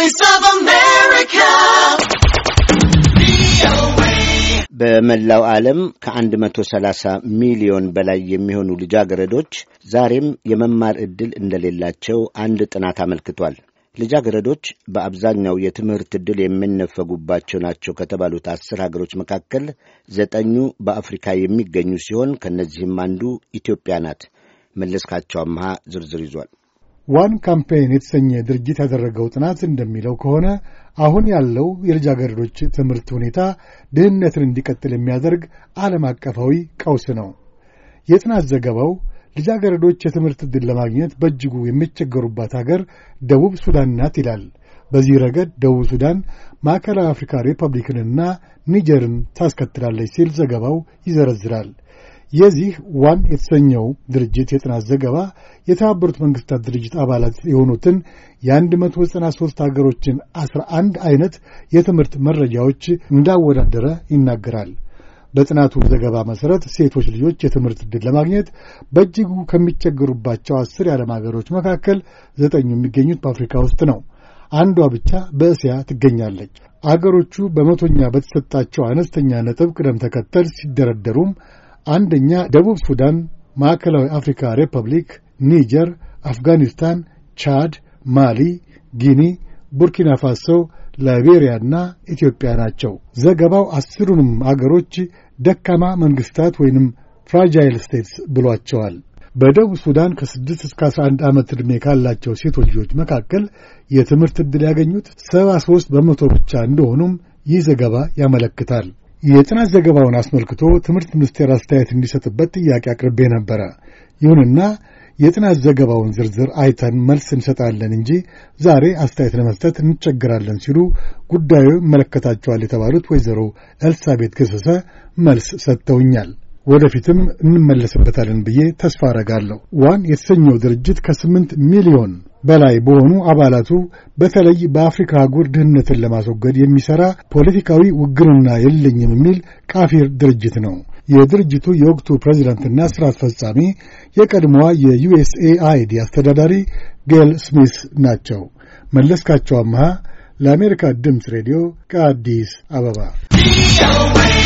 Voice of America. በመላው ዓለም ከ130 ሚሊዮን በላይ የሚሆኑ ልጃገረዶች ዛሬም የመማር ዕድል እንደሌላቸው አንድ ጥናት አመልክቷል። ልጃገረዶች በአብዛኛው የትምህርት ዕድል የሚነፈጉባቸው ናቸው ከተባሉት አስር ሀገሮች መካከል ዘጠኙ በአፍሪካ የሚገኙ ሲሆን ከእነዚህም አንዱ ኢትዮጵያ ናት። መለስካቸው አምሃ ዝርዝር ይዟል። ዋን ካምፔን የተሰኘ ድርጅት ያደረገው ጥናት እንደሚለው ከሆነ አሁን ያለው የልጃገረዶች ትምህርት ሁኔታ ድህነትን እንዲቀጥል የሚያደርግ ዓለም አቀፋዊ ቀውስ ነው። የጥናት ዘገባው ልጃገረዶች የትምህርት ዕድል ለማግኘት በእጅጉ የሚቸገሩባት አገር ደቡብ ሱዳን ናት ይላል። በዚህ ረገድ ደቡብ ሱዳን ማዕከላዊ አፍሪካ ሪፐብሊክንና ኒጀርን ታስከትላለች ሲል ዘገባው ይዘረዝራል። የዚህ ዋን የተሰኘው ድርጅት የጥናት ዘገባ የተባበሩት መንግስታት ድርጅት አባላት የሆኑትን የ193 አገሮችን 11 አይነት የትምህርት መረጃዎች እንዳወዳደረ ይናገራል። በጥናቱ ዘገባ መሠረት ሴቶች ልጆች የትምህርት ዕድል ለማግኘት በእጅጉ ከሚቸገሩባቸው አስር የዓለም አገሮች መካከል ዘጠኙ የሚገኙት በአፍሪካ ውስጥ ነው። አንዷ ብቻ በእስያ ትገኛለች። አገሮቹ በመቶኛ በተሰጣቸው አነስተኛ ነጥብ ቅደም ተከተል ሲደረደሩም አንደኛ ደቡብ ሱዳን፣ ማዕከላዊ አፍሪካ ሪፐብሊክ፣ ኒጀር፣ አፍጋኒስታን፣ ቻድ፣ ማሊ፣ ጊኒ፣ ቡርኪና ፋሶ፣ ላይቤሪያና ኢትዮጵያ ናቸው። ዘገባው አስሩንም አገሮች ደካማ መንግሥታት ወይንም ፍራጃይል ስቴትስ ብሏቸዋል። በደቡብ ሱዳን ከ6 እስከ 11 ዓመት ዕድሜ ካላቸው ሴቶች ልጆች መካከል የትምህርት ዕድል ያገኙት 73 በመቶ ብቻ እንደሆኑም ይህ ዘገባ ያመለክታል። የጥናት ዘገባውን አስመልክቶ ትምህርት ሚኒስቴር አስተያየት እንዲሰጥበት ጥያቄ አቅርቤ ነበረ። ይሁንና የጥናት ዘገባውን ዝርዝር አይተን መልስ እንሰጣለን እንጂ ዛሬ አስተያየት ለመስጠት እንቸግራለን ሲሉ ጉዳዩ ይመለከታቸዋል የተባሉት ወይዘሮ ኤልሳቤት ገሰሰ መልስ ሰጥተውኛል። ወደፊትም እንመለስበታለን ብዬ ተስፋ አረጋለሁ። ዋን የተሰኘው ድርጅት ከስምንት ሚሊዮን በላይ በሆኑ አባላቱ በተለይ በአፍሪካ አህጉር ድህነትን ለማስወገድ የሚሠራ ፖለቲካዊ ውግንና የለኝም የሚል ቃፊር ድርጅት ነው። የድርጅቱ የወቅቱ ፕሬዚዳንትና ሥራ አስፈጻሚ የቀድሞዋ የዩኤስኤአይዲ አስተዳዳሪ ጌል ስሚስ ናቸው። መለስካቸው አመሃ ለአሜሪካ ድምፅ ሬዲዮ ከአዲስ አበባ